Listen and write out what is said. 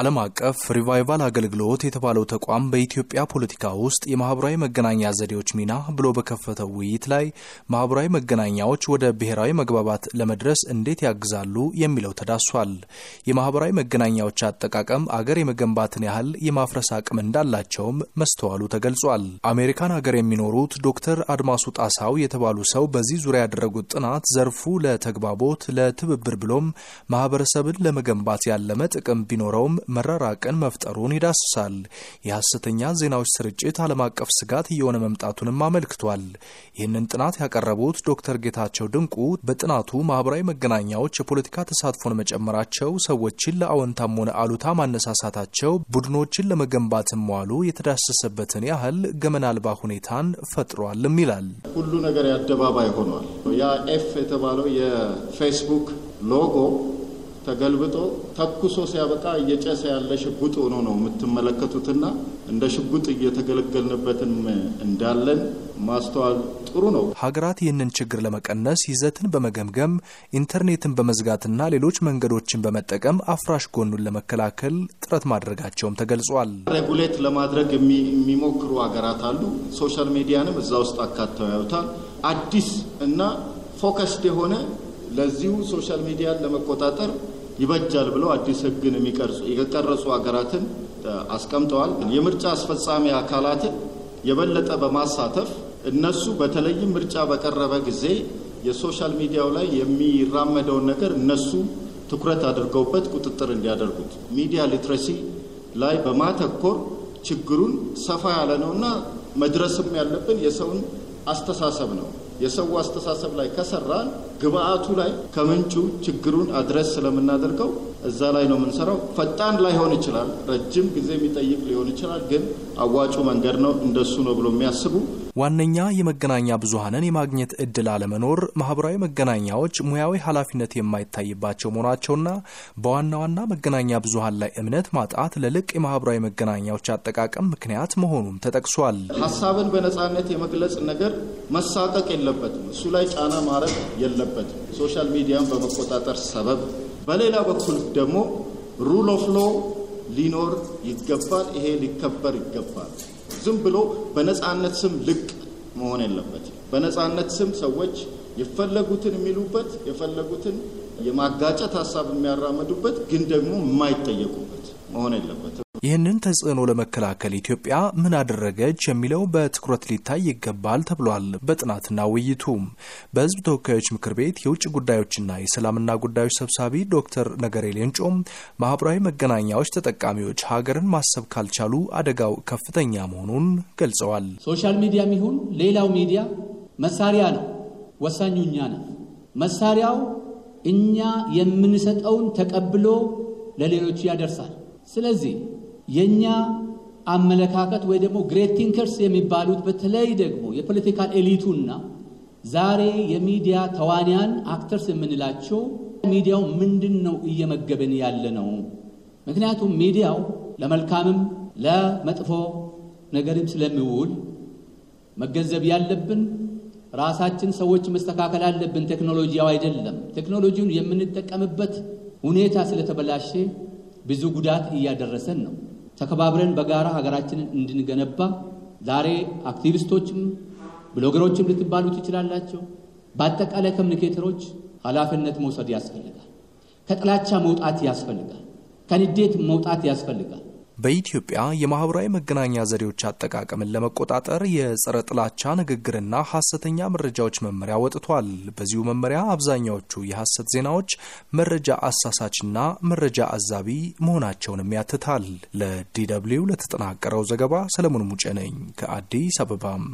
ዓለም አቀፍ ሪቫይቫል አገልግሎት የተባለው ተቋም በኢትዮጵያ ፖለቲካ ውስጥ የማህበራዊ መገናኛ ዘዴዎች ሚና ብሎ በከፈተው ውይይት ላይ ማህበራዊ መገናኛዎች ወደ ብሔራዊ መግባባት ለመድረስ እንዴት ያግዛሉ የሚለው ተዳሷል። የማህበራዊ መገናኛዎች አጠቃቀም አገር የመገንባትን ያህል የማፍረስ አቅም እንዳላቸውም መስተዋሉ ተገልጿል። አሜሪካን ሀገር የሚኖሩት ዶክተር አድማሱ ጣሳው የተባሉ ሰው በዚህ ዙሪያ ያደረጉት ጥናት ዘርፉ ለተግባቦት፣ ለትብብር ብሎም ማህበረሰብን ለመገንባት ያለመ ጥቅም ቢኖረውም መራራቅን መፍጠሩን ይዳስሳል። የሐሰተኛ ዜናዎች ስርጭት ዓለም አቀፍ ስጋት እየሆነ መምጣቱንም አመልክቷል። ይህንን ጥናት ያቀረቡት ዶክተር ጌታቸው ድንቁ በጥናቱ ማኅበራዊ መገናኛዎች የፖለቲካ ተሳትፎን መጨመራቸው፣ ሰዎችን ለአዎንታም ሆነ አሉታ ማነሳሳታቸው ቡድኖችን ለመገንባትም ዋሉ የተዳሰሰበትን ያህል ገመና አልባ ሁኔታን ፈጥሯልም ይላል። ሁሉ ነገር የአደባባይ ሆኗል። ያ ኤፍ የተባለው የፌስቡክ ሎጎ ተገልብጦ ተኩሶ ሲያበቃ እየጨሰ ያለ ሽጉጥ ሆኖ ነው የምትመለከቱትና እንደ ሽጉጥ እየተገለገልንበትም እንዳለን ማስተዋል ጥሩ ነው። ሀገራት ይህንን ችግር ለመቀነስ ይዘትን በመገምገም ኢንተርኔትን በመዝጋትና ሌሎች መንገዶችን በመጠቀም አፍራሽ ጎኑን ለመከላከል ጥረት ማድረጋቸውም ተገልጿል። ሬጉሌት ለማድረግ የሚሞክሩ ሀገራት አሉ። ሶሻል ሚዲያንም እዛ ውስጥ አካተው ያዩታል። አዲስ እና ፎከስድ የሆነ ለዚሁ ሶሻል ሚዲያን ለመቆጣጠር ይበጃል ብለው አዲስ ህግን የሚቀርጹ የቀረጹ ሀገራትን አስቀምጠዋል። የምርጫ አስፈጻሚ አካላትን የበለጠ በማሳተፍ እነሱ በተለይም ምርጫ በቀረበ ጊዜ የሶሻል ሚዲያው ላይ የሚራመደውን ነገር እነሱ ትኩረት አድርገውበት ቁጥጥር እንዲያደርጉት ሚዲያ ሊትረሲ ላይ በማተኮር ችግሩን ሰፋ ያለ ነውና መድረስም ያለብን የሰውን አስተሳሰብ ነው። የሰው አስተሳሰብ ላይ ከሰራን ግብአቱ ላይ ከምንጩ ችግሩን አድረስ ስለምናደርገው እዛ ላይ ነው የምንሰራው። ፈጣን ላይሆን ይችላል፣ ረጅም ጊዜ የሚጠይቅ ሊሆን ይችላል። ግን አዋጩ መንገድ ነው እንደሱ ነው ብሎ የሚያስቡ ዋነኛ የመገናኛ ብዙሀንን የማግኘት እድል አለመኖር ማህበራዊ መገናኛዎች ሙያዊ ኃላፊነት የማይታይባቸው መሆናቸውና በዋና ዋና መገናኛ ብዙሀን ላይ እምነት ማጣት ለልቅ የማህበራዊ መገናኛዎች አጠቃቀም ምክንያት መሆኑም ተጠቅሷል። ሀሳብን በነጻነት የመግለጽ ነገር መሳቀቅ የለበትም። እሱ ላይ ጫና ማድረግ የለበትም። ሶሻል ሚዲያን በመቆጣጠር ሰበብ በሌላ በኩል ደግሞ ሩል ኦፍ ሎ ሊኖር ይገባል። ይሄ ሊከበር ይገባል። ዝም ብሎ በነፃነት ስም ልቅ መሆን የለበት። በነፃነት ስም ሰዎች የፈለጉትን የሚሉበት የፈለጉትን የማጋጨት ሀሳብ የሚያራመዱበት ግን ደግሞ የማይጠየቁበት መሆን የለበት ይህንን ተጽዕኖ ለመከላከል ኢትዮጵያ ምን አደረገች የሚለው በትኩረት ሊታይ ይገባል ተብሏል። በጥናትና ውይይቱ በህዝብ ተወካዮች ምክር ቤት የውጭ ጉዳዮችና የሰላምና ጉዳዮች ሰብሳቢ ዶክተር ነገሬ ሌንጮም ማህበራዊ መገናኛዎች ተጠቃሚዎች ሀገርን ማሰብ ካልቻሉ አደጋው ከፍተኛ መሆኑን ገልጸዋል። ሶሻል ሚዲያ ይሁን ሌላው ሚዲያ መሳሪያ ነው። ወሳኙ እኛ ነው። መሳሪያው እኛ የምንሰጠውን ተቀብሎ ለሌሎች ያደርሳል። ስለዚህ የእኛ አመለካከት ወይ ደግሞ ግሬት ቲንከርስ የሚባሉት በተለይ ደግሞ የፖለቲካል ኤሊቱና ዛሬ የሚዲያ ተዋንያን አክተርስ የምንላቸው ሚዲያው ምንድን ነው እየመገበን ያለ ነው? ምክንያቱም ሚዲያው ለመልካምም ለመጥፎ ነገርም ስለሚውል መገንዘብ ያለብን ራሳችን ሰዎች መስተካከል አለብን። ቴክኖሎጂያው አይደለም ቴክኖሎጂውን የምንጠቀምበት ሁኔታ ስለተበላሸ ብዙ ጉዳት እያደረሰን ነው። ተከባብረን በጋራ ሀገራችንን እንድንገነባ ዛሬ አክቲቪስቶችም ብሎገሮችም ልትባሉ ትችላላቸው። በአጠቃላይ ኮሚኒኬተሮች ኃላፊነት መውሰድ ያስፈልጋል። ከጥላቻ መውጣት ያስፈልጋል። ከንዴት መውጣት ያስፈልጋል። በኢትዮጵያ የማህበራዊ መገናኛ ዘዴዎች አጠቃቀምን ለመቆጣጠር የጸረ ጥላቻ ንግግርና ሐሰተኛ መረጃዎች መመሪያ ወጥቷል። በዚሁ መመሪያ አብዛኛዎቹ የሐሰት ዜናዎች መረጃ አሳሳችና መረጃ አዛቢ መሆናቸውንም ያትታል። ለዲ ደብልዩ ለተጠናቀረው ዘገባ ሰለሞን ሙጬ ነኝ ከአዲስ አበባም